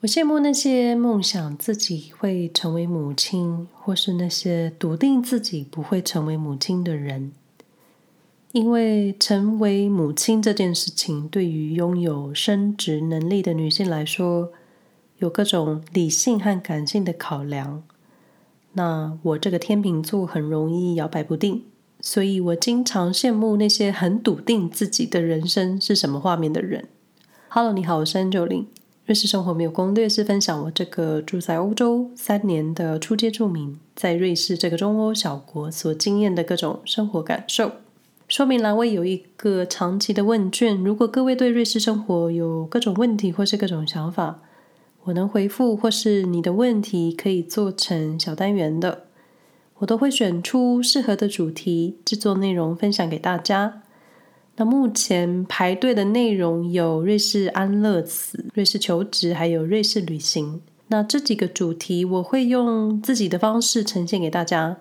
我羨慕那些夢想自己會成為母親，或是那些篤定自己不會成為母親的人，因為成為母親這件事情，對於擁有生殖能力的女性來說，有各種理性和感性的考量。那我這個天秤座很容易搖擺不定，所以我經常羨慕那些很篤定自己的人生是什麼畫面的人。Hello，你好，我是安九零。瑞士生活沒有攻略，是分享我這個住在歐洲三年的初階住民，在瑞士這個中歐小國所經驗的各種生活感受。說明欄位有一個長期的問卷，如果各位對瑞士生活有各種問題或是各種想法，我能回復或是你的問題可以做成小單元的，我都會選出適合的主題，製作內容分享給大家。那目前排隊的內容有瑞士安樂死、瑞士求職，還有瑞士旅行。那這幾個主題，我會用自己的方式呈現給大家，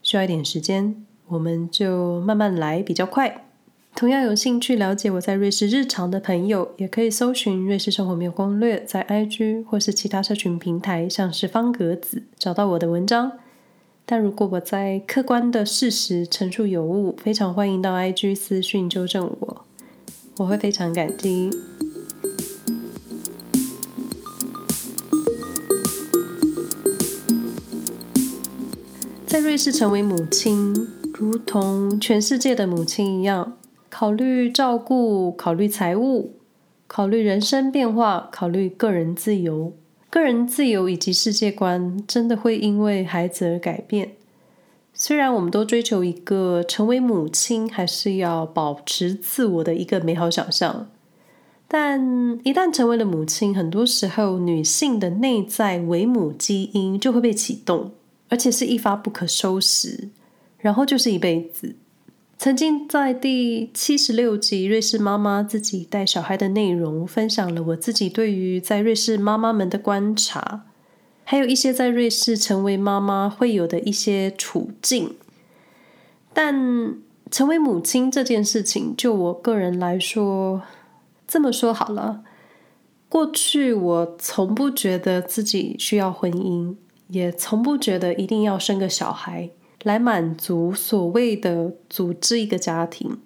需要一點時間，我們就慢慢來，比較快。同樣有興趣了解我在瑞士日常的朋友，也可以搜尋“瑞士生活沒有攻略”在 IG 或是其他社群平台，像是方格子，找到我的文章。但如果我在客觀的事實陳述有誤，非常歡迎到 IG 私訊糾正我，我會非常感激。在瑞士成為母親，如同全世界的母親一樣，考慮照顧，考慮財務，考慮人生變化，考慮個人自由。個人自由以及世界觀真的會因為孩子而改變。雖然我們都追求一個成為母親還是要保持自我的一個美好想象，但一旦成為了母親，很多時候女性的內在為母基因就會被啟動，而且是一發不可收拾，然後就是一輩子。曾經在第七十六集《瑞士媽媽自己帶小孩》的內容，分享了我自己對於在瑞士媽媽們的觀察，還有一些在瑞士成為媽媽會有的一些處境。但成為母親這件事情，就我個人來說，這麼說好了，過去我從不覺得自己需要婚姻，也從不覺得一定要生個小孩。來滿足所謂的組織一個家庭，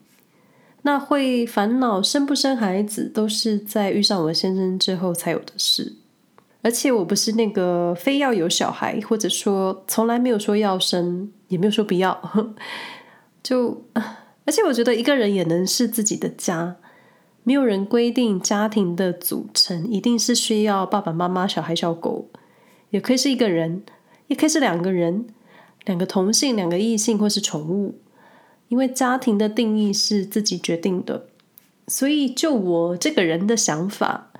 那會煩惱生不生孩子，都是在遇上我的先生之後才有的事。而且我不是那個非要有小孩，或者說從來沒有說要生，也沒有說不要。 就而且我覺得一個人也能是自己的家，沒有人規定家庭的組成一定是需要爸爸媽媽、小孩、小狗，也可以是一個人，也可以是兩個人。兩個同性、兩個異性或是寵物，因為家庭的定義是自己決定的，所以就我這個人的想法，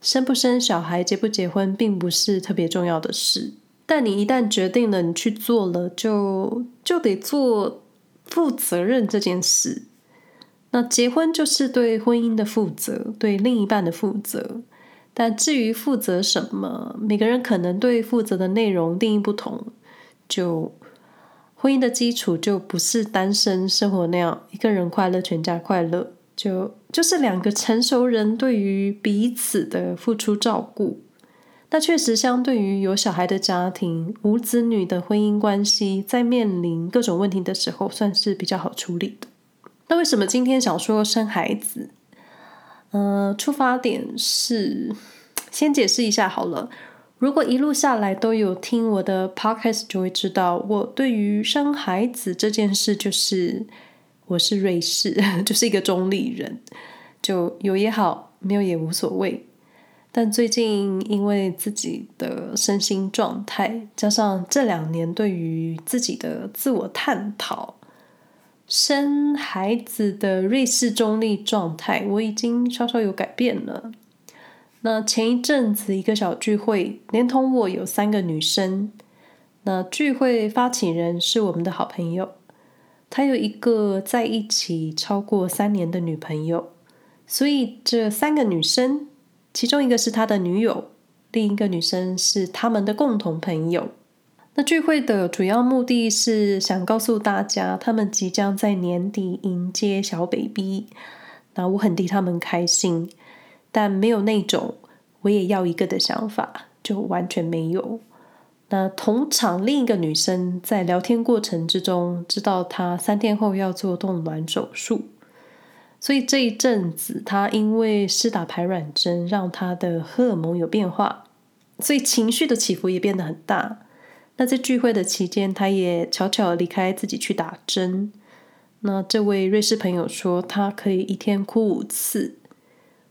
生不生小孩、結不結婚，並不是特別重要的事。但你一旦決定了，你去做了，就就得做負責任這件事。那結婚就是對婚姻的負責，對另一半的負責。但至於負責什麼，每個人可能對負責的內容定義不同，就。婚姻的基礎就不是單身生活那樣一個人快樂全家快樂，就就是兩個成熟人對於彼此的付出照顧。那確實相對於有小孩的家庭，無子女的婚姻關係，在面臨各種問題的時候，算是比較好處理的。那為什麼今天想說生孩子？呃，出發點是先解釋一下好了。如果一路下來都有聽我的 podcast，就會知道我對於生孩子這件事，就是我是瑞士，就是一個中立人，就有也好，沒有也無所謂。但最近因為自己的身心狀態，加上這兩年對於自己的自我探討，生孩子的瑞士中立狀態，我已經稍稍有改變了。那前一陣子一個小聚會，連同我有三個女生。那聚會發起人是我們的好朋友，他有一個在一起超過三年的女朋友，所以這三個女生，其中一個是他的女友，另一個女生是他們的共同朋友。那聚會的主要目的是想告訴大家，他們即將在年底迎接小 baby。那我很替他們開心。但沒有那種我也要一個的想法，就完全沒有。那同場另一個女生在聊天過程之中，知道她三天後要做凍卵手術，所以這一陣子她因為施打排卵針，讓她的荷爾蒙有變化，所以情緒的起伏也變得很大。那在聚會的期間，她也悄悄離開自己去打針。那這位瑞士朋友說，她可以一天哭五次。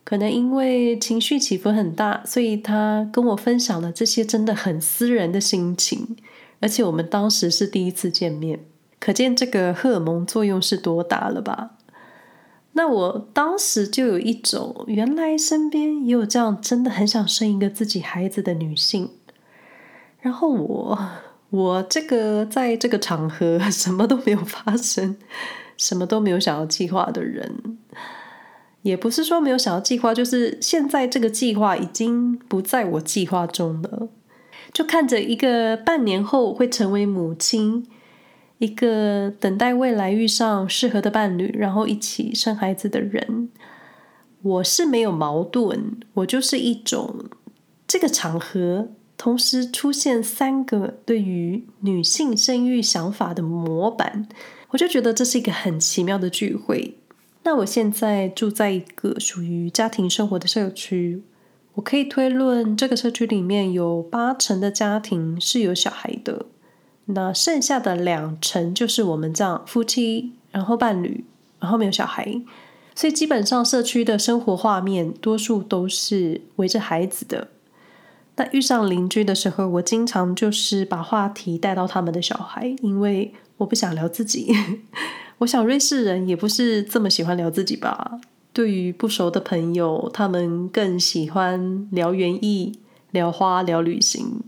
可能因為情緒起伏很大，所以他跟我分享了這些真的很私人的心情，而且我們當時是第一次見面，可見這個荷爾蒙作用是多大了吧？那我當時就有一種，原來身邊也有這樣真的很想生一個自己孩子的女性，然後我我這個在這個場合什麼都沒有發生，什麼都沒有想要計劃的人。也不是說沒有想要計劃，就是現在這個計劃已經不在我計劃中了。就看着一個半年後會成為母親，一個等待未來遇上適合的伴侶，然後一起生孩子的人。我是沒有矛盾，我就是一種這個場合同時出現三個對於女性生育想法的模板，我就覺得這是一個很奇妙的聚會。那我現在住在一個屬於家庭生活的社區，我可以推論這個社區裡面有八成的家庭是有小孩的，那剩下的兩成就是我們這樣夫妻，然後伴侶，然後沒有小孩，所以基本上社區的生活畫面多數都是圍着孩子的。那遇上鄰居的時候，我經常就是把話題帶到他們的小孩，因為我不想聊自己。 我想瑞士人也不是這麼喜歡聊自己吧。對於不熟的朋友，他們更喜歡聊園藝、聊花、聊旅行。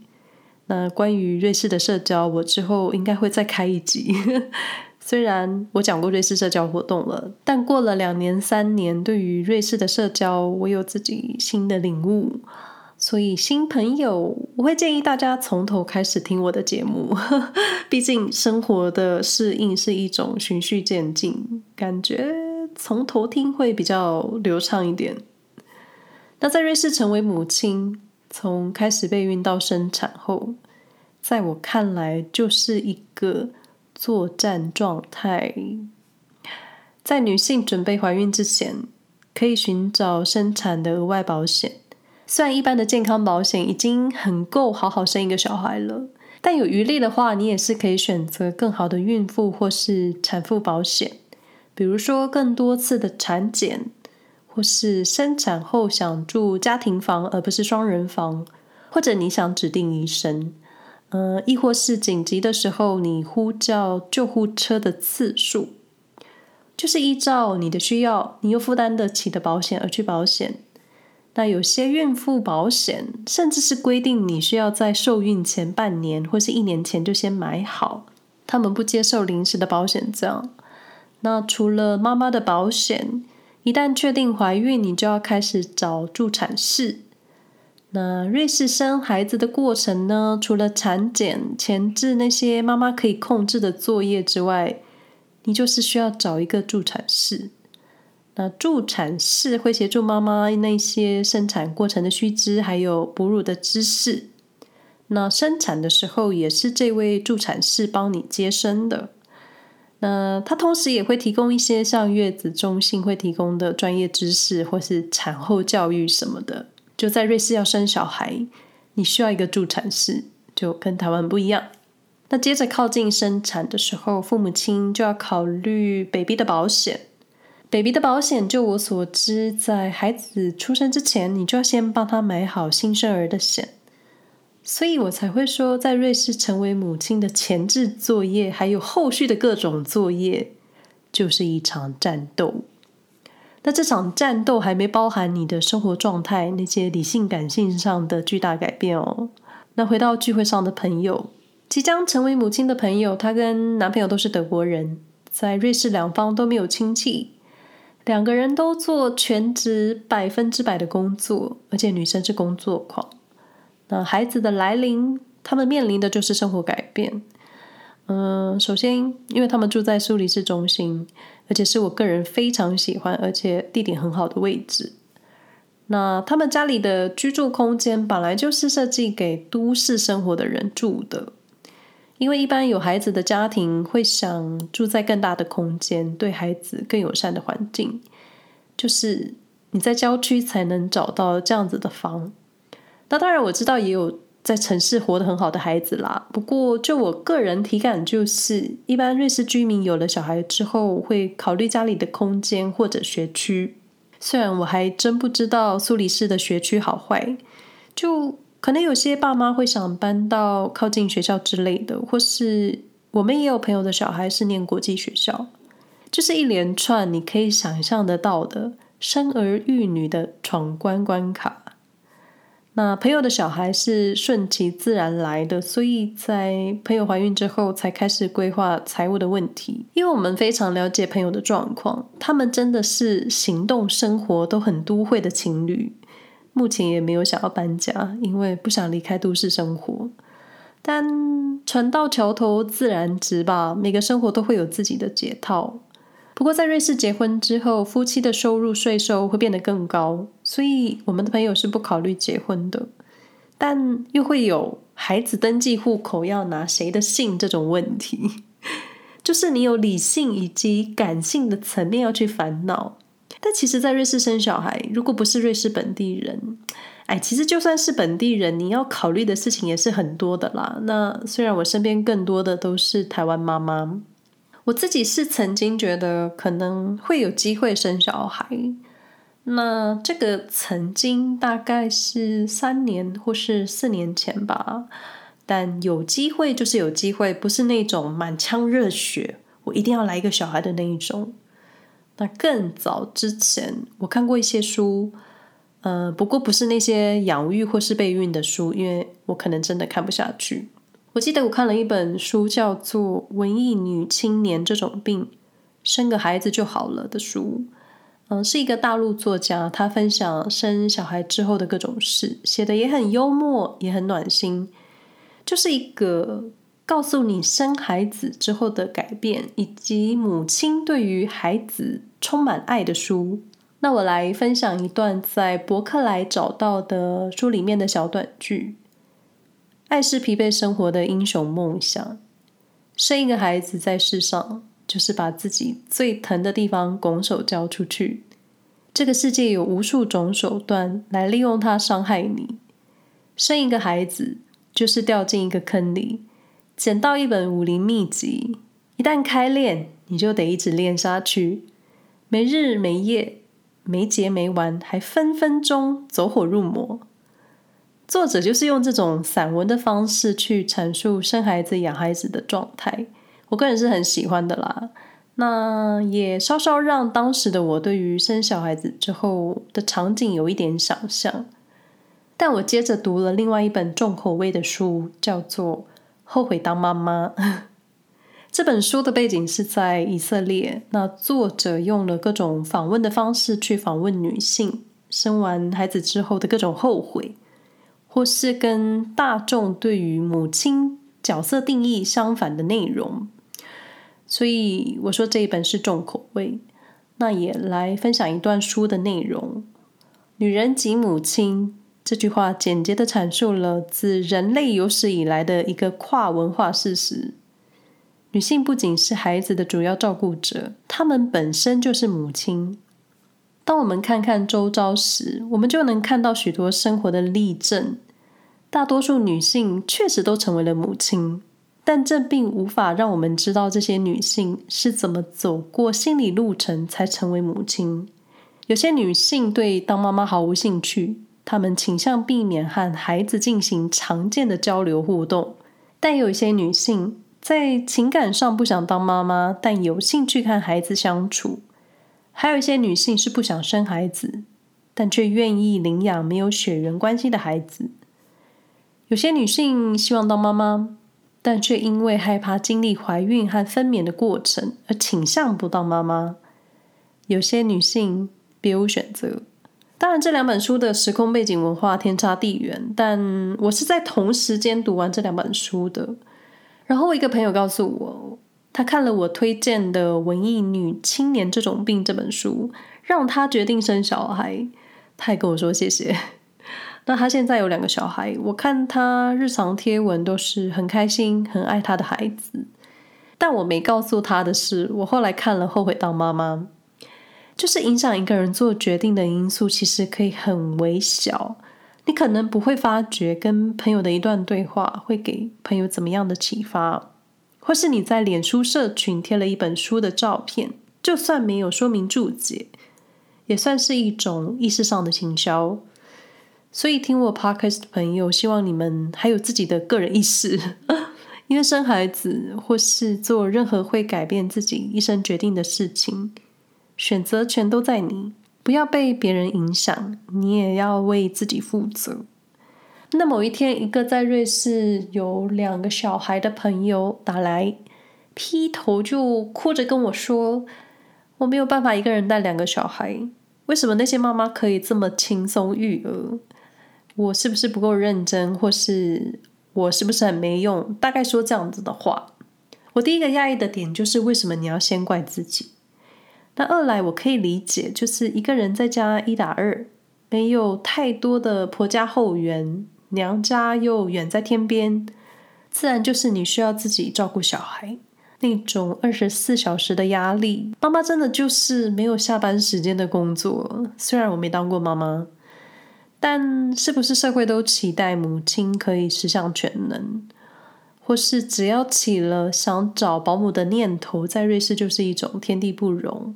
那關於瑞士的社交，我之後應該會再開一集。 雖然我講過瑞士社交活動了，但過了兩年、三年，對於瑞士的社交，我有自己新的領悟。所以新朋友，我會建議大家從頭開始聽我的節目，畢竟生活的適應是一種循序漸進，感覺從頭聽會比較流暢一點。那在瑞士成為母親，從開始備孕到生產後，在我看來就是一個作戰狀態。在女性準備懷孕之前，可以尋找生產的額外保險。雖然一般的健康保險已經很夠好好生一個小孩了，但有餘力的話，你也是可以選擇更好的孕婦或是產婦保險，比如說更多次的產檢，或是生產後想住家庭房而不是雙人房，或者你想指定醫生，嗯、呃，抑或是緊急的時候你呼叫救護車的次數，就是依照你的需要，你又負擔得起的保險而去保險。那有些孕婦保險，甚至是規定你需要在受孕前半年或是一年前就先買好，他們不接受臨時的保險這樣。那除了媽媽的保險，一旦確定懷孕，你就要開始找助產士。那瑞士生孩子的過程呢？除了產檢、前置那些媽媽可以控制的作業之外，你就是需要找一個助產士。那助產士會協助媽媽那些生產過程的須知，還有哺乳的知識。那生產的時候也是這位助產士幫你接生的。那他同時也會提供一些像月子中心會提供的專業知識，或是產後教育什麼的。就在瑞士要生小孩，你需要一個助產士，就跟台灣不一樣。那接着靠近生產的時候，父母親就要考慮 Baby 的保險。Baby 的保險，就我所知，在孩子出生之前，你就要先幫他買好新生兒的險。所以我才會說，在瑞士成為母親的前置作業，還有後續的各種作業，就是一場戰鬥。那這場戰鬥還沒包含你的生活狀態那些理性感性上的巨大改變哦。那回到聚會上的朋友，即將成為母親的朋友，她跟男朋友都是德國人，在瑞士兩方都沒有親戚。兩個人都做全職百分之百的工作，而且女生是工作狂。那孩子的來臨，他們面臨的就是生活改變。嗯，首先，因為他們住在蘇黎世中心，而且是我個人非常喜歡，而且地點很好的位置。那他們家裡的居住空間本來就是設計給都市生活的人住的。因為一般有孩子的家庭會想住在更大的空間，對孩子更友善的環境，就是你在郊區才能找到這樣子的房。那當然我知道也有在城市活得很好的孩子啦。不過就我個人體感，就是一般瑞士居民有了小孩之後會考慮家裡的空間或者學區。雖然我還真不知道蘇黎世的學區好壞，就。可能有些爸媽會想搬到靠近學校之類的，或是我們也有朋友的小孩是念國際學校，就是一連串你可以想象得到的生兒育女的闖關關卡。那朋友的小孩是順其自然來的，所以在朋友懷孕之後才開始規劃財務的問題，因為我們非常了解朋友的狀況，他們真的是行動生活都很都會的情侶。目前也沒有想要搬家，因為不想離開都市生活。但船到橋頭自然直吧，每個生活都會有自己的解套。不過在瑞士結婚之後，夫妻的收入稅收會變得更高，所以我們的朋友是不考慮結婚的。但又會有孩子登記戶口要拿誰的姓這種問題，就是你有理性以及感性的層面要去煩惱。但其實，在瑞士生小孩，如果不是瑞士本地人，哎，其實就算是本地人，你要考慮的事情也是很多的啦。那雖然我身邊更多的都是台灣媽媽，我自己是曾經覺得可能會有機會生小孩。那這個曾經大概是三年或是四年前吧。但有機會就是有機會，不是那種滿腔熱血，我一定要來一個小孩的那一種。那更早之前，我看過一些書，嗯、呃，不過不是那些養育或是備孕的書，因為我可能真的看不下去。我記得我看了一本書，叫做《文藝女青年這種病，生個孩子就好了》的書，嗯、呃，是一個大陸作家，他分享生小孩之後的各種事，寫得也很幽默，也很暖心，就是一個。告訴你生孩子之後的改變，以及母親對於孩子充滿愛的書。那我來分享一段在博客來找到的書裡面的小短句：“愛是疲憊生活的英雄夢想。生一個孩子在世上，就是把自己最疼的地方拱手交出去。這個世界有無數種手段來利用它傷害你。生一個孩子，就是掉進一個坑裡。”撿到一本武林秘籍，一旦開練，你就得一直練下去，沒日沒夜，沒結沒完，還分分鐘走火入魔。作者就是用這種散文的方式去闡述生孩子、養孩子的狀態，我個人是很喜歡的啦。那也稍稍讓當時的我對於生小孩子之後的場景有一點想象。但我接着讀了另外一本重口味的書，叫做。後悔當媽媽。 這本書的背景是在以色列，那作者用了各種訪問的方式去訪問女性，生完孩子之後的各種後悔，或是跟大眾對於母親角色定義相反的內容。所以我說這一本是重口味。那也來分享一段書的內容：女人及母親。這句話簡潔地闡述了自人類有史以來的一個跨文化事實：女性不僅是孩子的主要照顧者，她們本身就是母親。當我們看看周遭時，我們就能看到許多生活的例證。大多數女性確實都成為了母親，但這並無法讓我們知道這些女性是怎麼走過心理路程才成為母親。有些女性對當媽媽毫無興趣。他們傾向避免和孩子進行常見的交流互動，但有一些女性在情感上不想當媽媽，但有興趣看孩子相處；還有一些女性是不想生孩子，但卻願意領養沒有血緣關係的孩子；有些女性希望當媽媽，但卻因為害怕經歷懷孕和分娩的過程而傾向不當媽媽；有些女性別無選擇。當然，這兩本書的時空背景文化天差地遠，但我是在同時間讀完這兩本書的。然後，我一個朋友告訴我，他看了我推薦的《文藝女青年這種病》這本書，讓他決定生小孩。他也跟我說謝謝。 那他現在有兩個小孩，我看他日常貼文都是很開心，很愛他的孩子。但我沒告訴他的是，我後來看了後悔當媽媽。就是影響一個人做決定的因素，其實可以很微小。你可能不會發覺，跟朋友的一段對話會給朋友怎麼樣的啟發，或是你在臉書社群貼了一本書的照片，就算沒有說明注解，也算是一種意識上的行銷。所以，聽我 Podcast 的朋友，希望你們還有自己的個人意識， 因為生孩子或是做任何會改變自己一生決定的事情，選擇權都在你，不要被別人影響，你也要為自己負責。那某一天，一個在瑞士有兩個小孩的朋友打來，劈頭就哭着跟我說：“我沒有辦法一個人帶兩個小孩，為什麼那些媽媽可以這麼輕鬆育兒？我是不是不夠認真，或是我是不是很沒用？”大概說這樣子的話，我第一個壓抑的點就是：為什麼你要先怪自己？那二來我可以理解，就是一個人在家一打二，沒有太多的婆家後援，娘家又遠在天邊，自然就是你需要自己照顧小孩，那種二十四小時的壓力。媽媽真的就是沒有下班時間的工作，雖然我沒當過媽媽，但是不是社會都期待母親可以十項全能，或是只要起了想找保姆的念頭，在瑞士就是一種天地不容。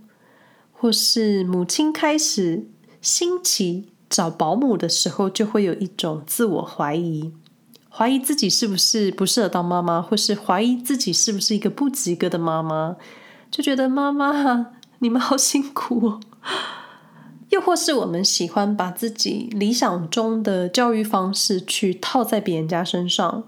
或是母親開始新奇找保姆的時候，就會有一種自我懷疑，懷疑自己是不是不適合當媽媽，或是懷疑自己是不是一個不及格的媽媽，就覺得媽媽你們好辛苦哦，又或是我們喜歡把自己理想中的教育方式去套在別人家身上，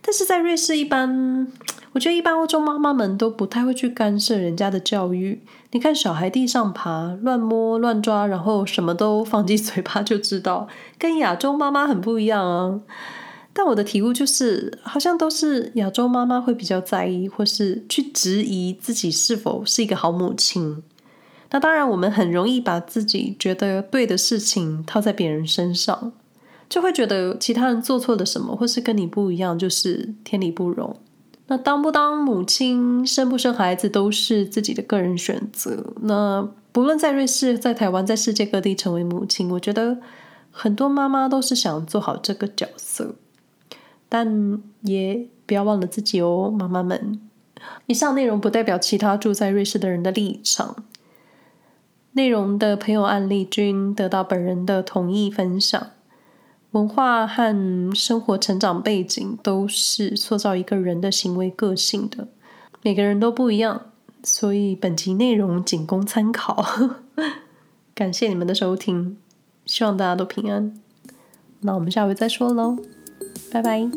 但是在瑞士一般。我覺得一般歐洲媽媽們都不太會去干涉人家的教育。你看，小孩地上爬、亂摸、亂抓，然後什麼都放進嘴巴，就知道跟亞洲媽媽很不一樣啊。但我的體悟就是，好像都是亞洲媽媽會比較在意，或是去質疑自己是否是一個好母親。那當然，我們很容易把自己覺得對的事情套在別人身上，就會覺得其他人做錯了什麼，或是跟你不一樣，就是天理不容。那當不當母親，生不生孩子，都是自己的個人選擇。那不論在瑞士、在台灣、在世界各地成為母親，我覺得很多媽媽都是想做好這個角色，但也不要忘了自己哦，媽媽們。以上內容不代表其他住在瑞士的人的立場。內容的朋友案例均得到本人的同意分享。文化和生活成長背景都是塑造一個人的行為個性的，每個人都不一樣，所以本集內容僅供參考。 感謝你們的收聽，希望大家都平安。那我們下回再說嘍，拜拜。